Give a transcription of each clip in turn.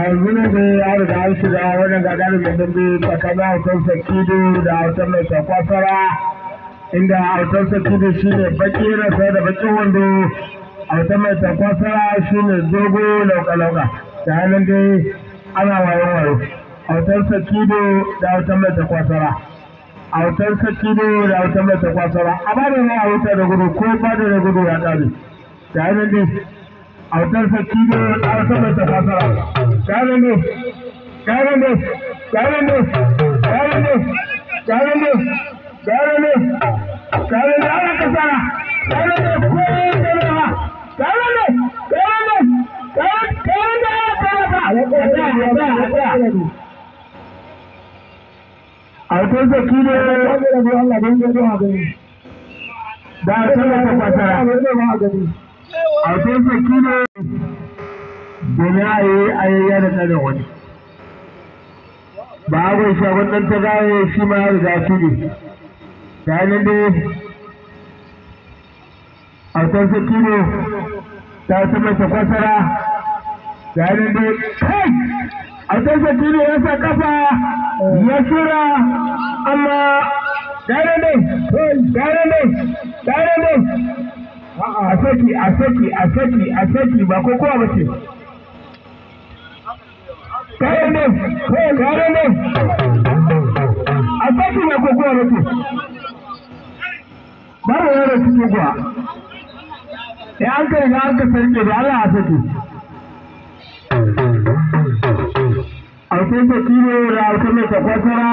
a yanzu ne dai ya riga an shiga wani gagarumin dambe tsakanin hautar sakido da hautar mai takwasara inda hautar sakido shi ne baki rasa da bakin wando hautar mai takwasara shi ne dogo lauka-lauka da hannun dai ana wayo-wayo hautar sakido da hautar mai takwasara hautar sakido da hautar mai takwasara a bada da ne a wuta da gudu ko bada da gudu ya ƙare da hannun dai अवतर से चीज आसम में तथा कैलेंडस कैलेंडस कैलेंडस कैलेंडस कैलेंडस कैलेंडस कैलेंडर कसा कैलेंडस को चला कैलेंडस कैलेंडस कैलेंडर अवतर से चीज लगेंगे तो आ गई दार्शनिक पता है a kai saki ne domin a yi ayayya da wani ba a gwai shagon ɗan ta gaye shi ma ya riga shi ne ta hanyar da a kai saki ne ta sama ta kwasara ta hanyar da kai a kai saki ya sa kafa ya shura amma ta hanyar da ta hanyar da a saki a saki a saki a saki ba ko kowa ba ce kare ne kare ne a saki ba ko kowa ba ce ba da yara cikin kuwa ya an kai ga an ka sarki da Allah a saki a kai ta kiro da alkalin ta kwakwara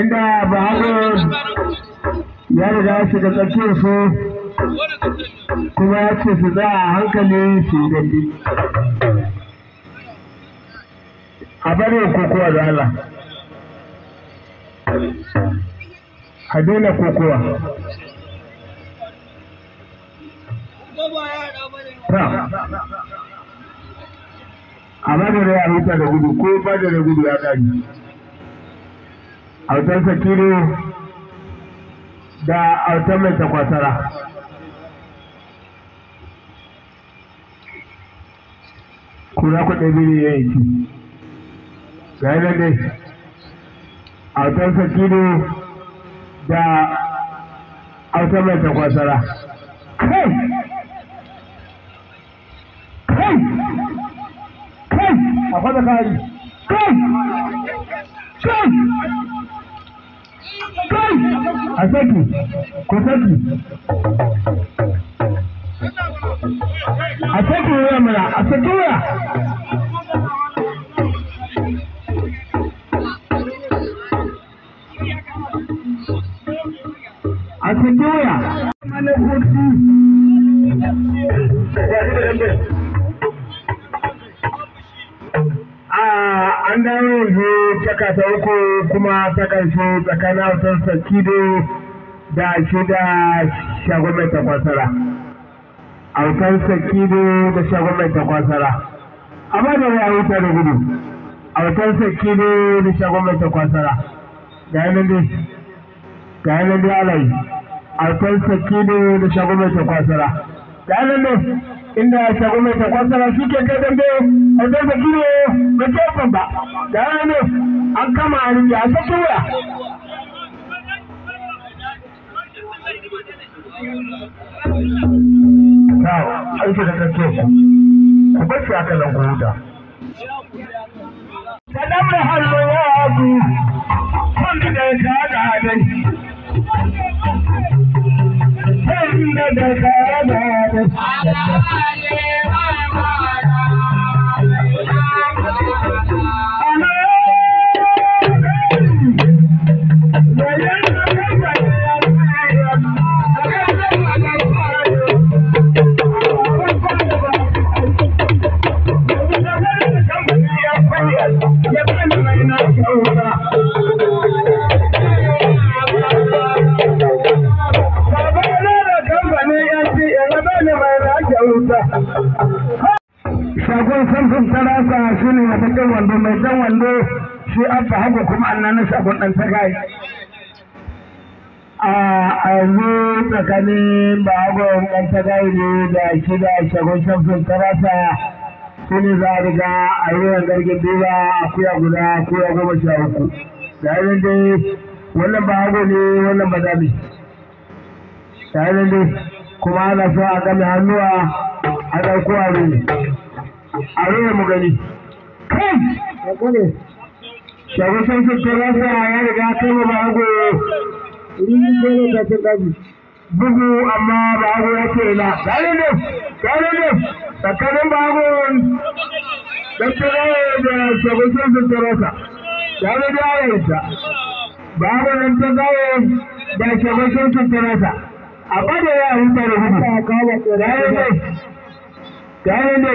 inda ba haɗo ya riga shiga tsakiyar su kuma ya ce su za a hankali su yi dambe a barin kokowa da Allah a daina kokowa a madara ya huta da gudu ko madara gudu ya ɗari autar Sakiru da autar mai takwasara kura ku ɗabi ne ya yi ci, ga yi dai autar sakino da autar mai takwasara kai kai kai a kwata kari kai kai kai a saki ko saki அசைக்கு விழாமலா அசைக்கு விழா an dawo uku kuma ta ƙarshe tsakanin hausar sakido da shida shagon mai takwasara. sarki ne da shagon mai takwasara amma da ya wuta da gudu autar ne da shagon mai takwasara ga yanar dai ga yanar da alayi autar ne da shagon mai takwasara ga yanar da inda shagon mai takwasara shi ke kai dambe autar sakido da kyafin ba ga yanar da an kama a rinja a ta tura Thank you. ta aiki da kake shi ku bar shi aka nan huta sanan da hannu ya ku kun da ta da dai kun da ta da dai Kun ta rasa shi ne na jan wando mai dan wando shi an fa hagu kuma annanin shi abun ɗan tagai a yanzu tsakanin ba hagu ɗan tagai ne da shi da shagon shafin ta rasa shi ne za a riga a yi wa gargin duba a kuya guda kuya goma sha uku da yanzu dai wannan ba hagu ne wannan ba dami da yanzu dai kuma ana so a game hannuwa a ɗauko a ne a rera mu gani kai shago san fitar rasa ya riga ta ce bago bugu amma bago ya ce na gani ne gani ne tsakanin bago dan tiraye da shago san fitar rasa ya ga dawo ta bago nan ta dawo da shago san fitar rasa a bada ya huta da hudu gani ne gani ne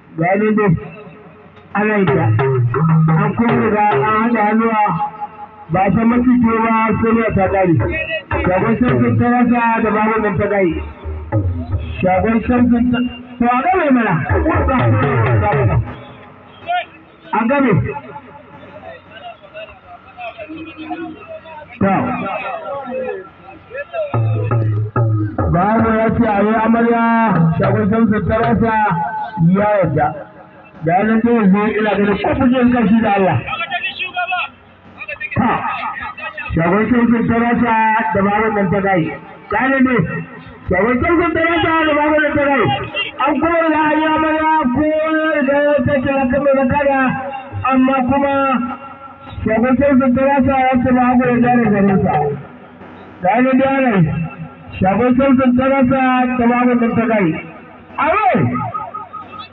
ganin da alaita an kuma ga an haɗa hannuwa ba ta mafi ba sai ta gari shagon sarkin ta rasa da babin nan ta gari shagon sarkin ta to a game mana a game to bayan ya ce a yi amarya shagon sarkin ta rasa ya yadda da yanar da yanzu ina ganin kofin yin kashi da Allah ta shagon kirkin tarasa da babin nan ta gai gane ne shagon kirkin tarasa da babin nan ta gai an kuma da hanyar mana koyar da ya take na kamar da kada amma kuma shagon kirkin tarasa ya ce ba hagu da jare garinsa gane da yanar shagon kirkin tarasa da babin nan ta gai a wai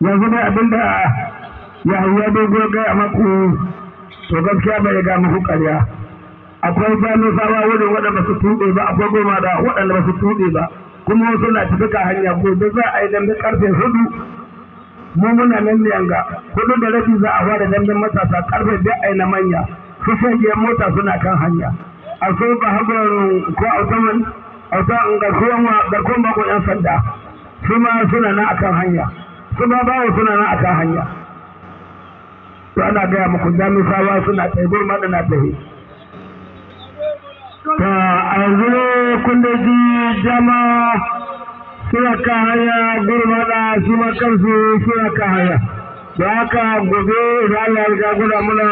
yanzu dai abin da ya hauwa dogo gaya maku to gaskiya bai ga muku ƙarya akwai jami sawa wurin waɗanda su tuɗe ba akwai goma da waɗanda ba su tuɗe ba kuma wasu na tafi ka hanya gobe za a yi dambe ƙarfe hudu mu muna nan ne yanga hudu da rabi za a fara dambe matasa ƙarfe biyar a yi na manya su shagiyar mota suna kan hanya a so ka hagar ko a automan autan ga kuma bakon yan sanda su ma suna na akan hanya suna wa suna na akan hanya to ana gaya muku sawa suna ta gurma da na tafi ta a yanzu ne kun da ji jama suna ka haya gurma da shi ma kansu suna ka haya da haka gobe da Allah ya riga guda muna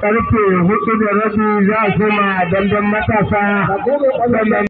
karfe hudu da rabi za a koma dandan matasa